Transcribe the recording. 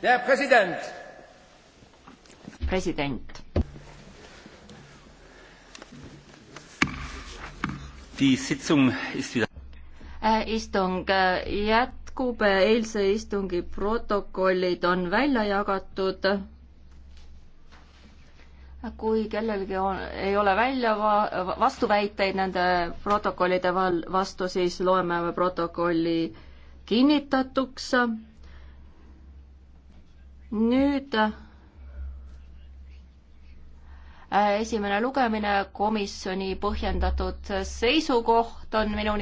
Der Präsident! President. Die Sitzung ist wieder. Äh, istung äh, jätkub, eilse istungi protokollid on välja jagatud. kui kellelgi on, ei ole välja va-, vastuväiteid nende protokollide val-, vastu, siis loeme protokolli kinnitatuks nüüd äh, esimene lugemine, komisjoni põhjendatud seisukoht on minuni